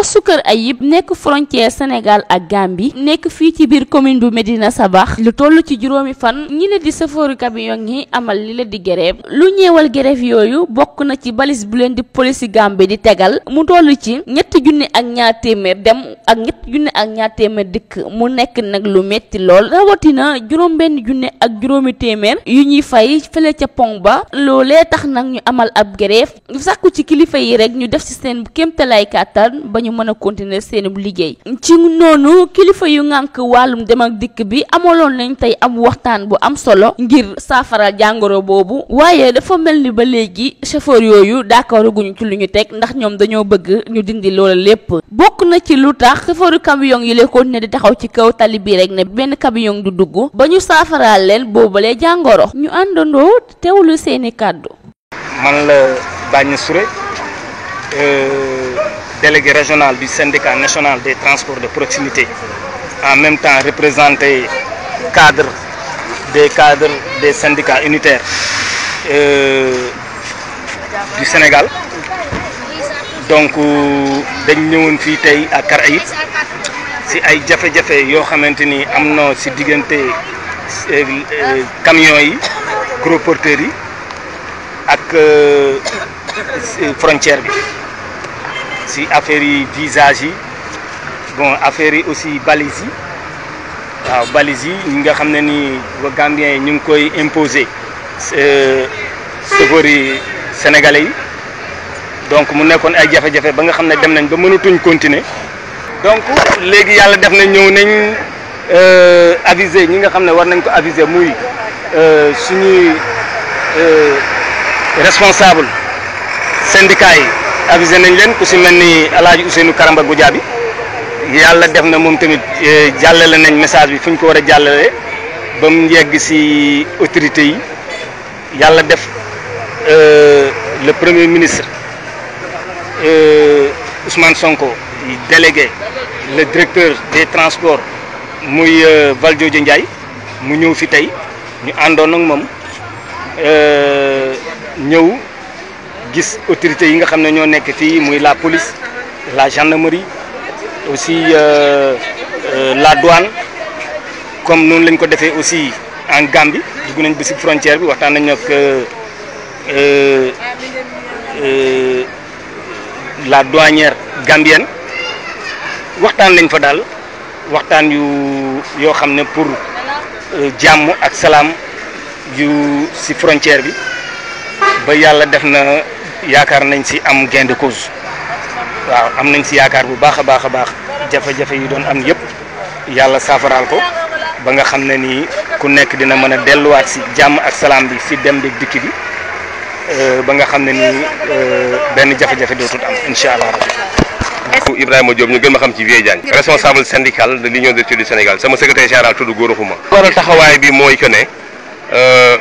postu Kër Ayib nekk frontière Sénégal ak Gambie nekk fii ci biir commune bu sa baax lu toll ci juróomi fan ñi la di safooru camion yi amal li la di grève lu ñeewal grève yooyu bokk na ci balis bu leen di polisi Gambie di tegal mu tollu ci ñetti junni ak ñaar téeméer dem ak ñetti junni ak ñaar téeméer dikk mu nekk nag lu metti lool rawatina juróom benn junni ak juróomi téeméer yu ñuy fay fële ca pont ba loolee tax nag ñu amal ab grève ñu sàkku def ci ñu mën a liggéey ci noonu kilifa yu ngànk wàllum dem ak dikk bi amaloon nañ tey am waxtaan bu am solo ngir saafara jàngoro boobu waaye dafa mel ni ba léegi chauffeur yooyu d'accord guñu ci lu ñu teg ndax ñoom dañoo bëgg ñu dindi loola lépp bokk na ci lu tax chauffeuru camion yi lay continuer di taxaw ci kaw tali bii rek ne benn camion du dugg ba ñu saafaraal leen boobalee jàngoro ñu àndandoo teewlu seeni kàddu man la Bagna Souré euh, délégué régional du syndicat national des transports de proximité, en même temps représenté cadre des cadres des syndicats unitaires euh, du Sénégal. Donc, nous sommes venus à Caraïbes si ay jafé jafé yo xamante amno ci na euh, euh, camions yi gros porteurs yi ak frontière si affaire yi visage yi bon affaire yi aussi balise yi waaw balise yi ñi nga xamné ni wa Gambien yi ñu ngi koy imposer euh, chauffeurs yi sénégalais yi donc mu nekkoon ay jafé jafé ba nga xamné dem nañ ba mënatuñ continuer donc légui yalla def na ñëw nañ euh aviser ñi nga xamné war nañ ko aviser muy euh suñu euh responsable syndicat yi avisé nañ leen ku si mel ni El Hadj Ousseynou Karamba bi yàlla def na moom tamit jàllale nañ message bi fu ñu ko war a jàllale ba mu yegg si autorité yi yàlla def le premier ministre Ousmane Sonko délégué le directeur des transports muy Valdiodio Ndiaye mu ñëw fi tey ñu àndoon ak moom ñëw. gis autorité yi nga xam ne ñoo nekk muy la police la gendarmerie aussi euh, euh, la douane comme nous lañ ko defee aussi en Gambie dugg nañ ba si frontière bi waxtaan nañ ak euh, euh, euh, la douanière gambienne waxtaan nañ fa daal waxtaan yu yoo xam ne pour euh, jàmm ak salaam yu si frontière bi ba yàlla def na yaakaar nañ si am gain de cause waaw am nañ si yaakaar bu baax a baax a baax jafe-jafe yi doon am yëpp yàlla saafaraal ko ba nga xam ne ni ku nekk dina mën a delluwaat si jàmm ak salaam bi si dem bi dikki bi euh, ba nga xam ne nii euh, benn jafe-jafe dootul am incha allah rabbi a Diop ñu gën ma xam ci Vieux Diagne responsable syndical de l'union des étudiants du Sénégal sama secrétaire général tudd Gora Khouma waral taxawaay bi mooy que ne euh,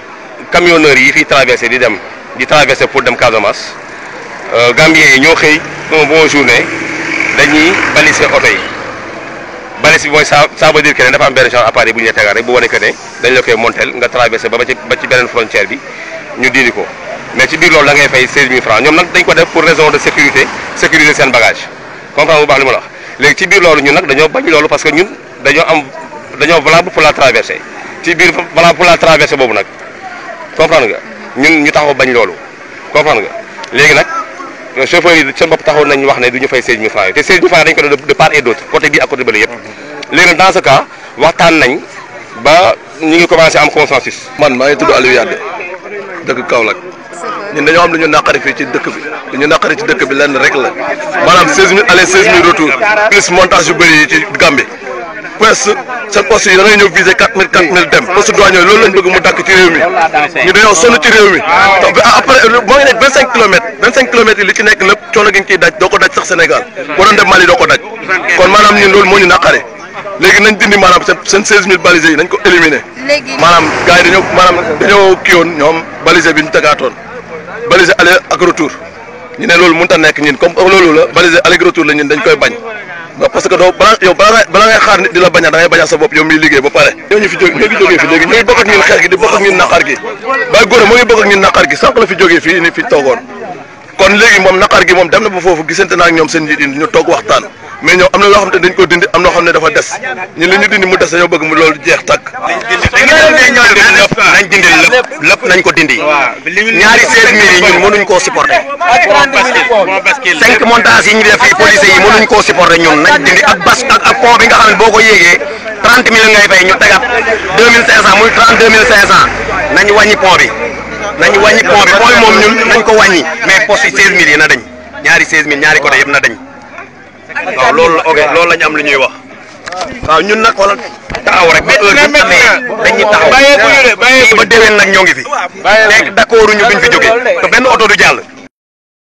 camionneurs yi fi traversé di dem di traversé pour dem Casamance euh, Gambien yi ñoo xëy un bon journée dañuy balisé oto yi balis bi mooy ça ça veut dire que ne dafa am benn genre appareil bu ñu la tegal rek bu wane que ne dañ la koy nga traversé ba ba ci beneen frontière bi ñu dindi ko mais ci biir loolu da ngay fay 16000 francs ñoom nag dañ ko def pour raison de sécurité sécuriser seen bagage comprendre bu baax li ma la wax léegi ci biir loolu ñun nag dañoo bañ loolu parce que ñun dañoo am dañoo valable pour la traversée ci biir valable pour la traversée boobu nag comprendre nga. ñun ñu taxaw bañ loolu comprendre nga léegi nag chauffeur yi seen bopp taxaw nañ wax ne du ñu fay 16000 francs yi te 16000 francs dañ ko doon de part et d'autre côté bii ak côté bële yëpp mhm. léegi nag dans ce waxtaan nañ ba ñu ngi commencé am consensus man maa ngi tudd Aliou Yadde dëkk Kaolack ñu dañoo am lu ñu naqari fii ci dëkk bi lu ñu naqari ci dëkk bi lenn rek la maanaam 16000 aller 16000 retour plus montage yu bëri yi ci Gambie presse seen poste yi da ngay ñëw viser quatre mille quatre mille dem poste douanier loolu lañ bëgg mu dakk ci réew mi ñu dañoo sonn ci réew mi donc après boo ngi nekk vingt cinq kilomètres kilomètres yi ci nekk lépp coono gi nga ciy daj doo ko daj sax Sénégal boo doon dem Mali doo ko daj kon maanaam ñun loolu moo ñu naqare léegi nañ dindi maanaam seen seen seize mille balisé yi nañ ko éliminer maanaam gars dañoo maanaam dañoo ñoom balisé bi ñu tagaatoon balisé aller ak retour loolu mënut a nekk ñun comme loolu la la ñun dañ koy bañ parce que doo balaa yow balaa balaa ngay xaar nit di la bañal da ngay sa bopp yow miy liggéey ba pare ñoo ñu fi jóge fi léegi gi di bokk naqar gi Baye Gora moo ngi bokk ak naqar gi sànq la fi jógee ni fi toogoon kon léegi moom naqar gi moom dem na ba foofu gisante naa ak ñoom seen njiit yi ñu toog waxtaan mais ñoom am na loo xam ne dañ ko dindi am na loo xam ne dafa des ñun li ñu dindi mu des dañoo bëgg mu loolu jeex tàkk. nañ dindi lépp lépp nañ ko dindi. ñaari seize mille yi ñun mënuñ koo supporter. cinq montages yi ñu def fii policiers yi mënuñ koo supporter ñun nañ dindi ak bas ak ak bi nga xam ne boo ko yéegee trente mille ngay fay ñu tegaat deux mille cinq cent muy trente mille cinq cent nañ wàññi pont bi. nañ wàññi moom ñun nañ ko wàññi mais poste yi seize mille yi na dañ ñaari seize mille waaw loolu la ok loolu lañu am lu ñuy wax. waaw ñun nag wala taxaw rek ba heure bi amee dañuy taxaw. bàyyeeku ñu de bàyyeeku ba déwén nag ñoo ngi fi. nekk d'accord ñu duñ fi jógee te benn oto du jàll.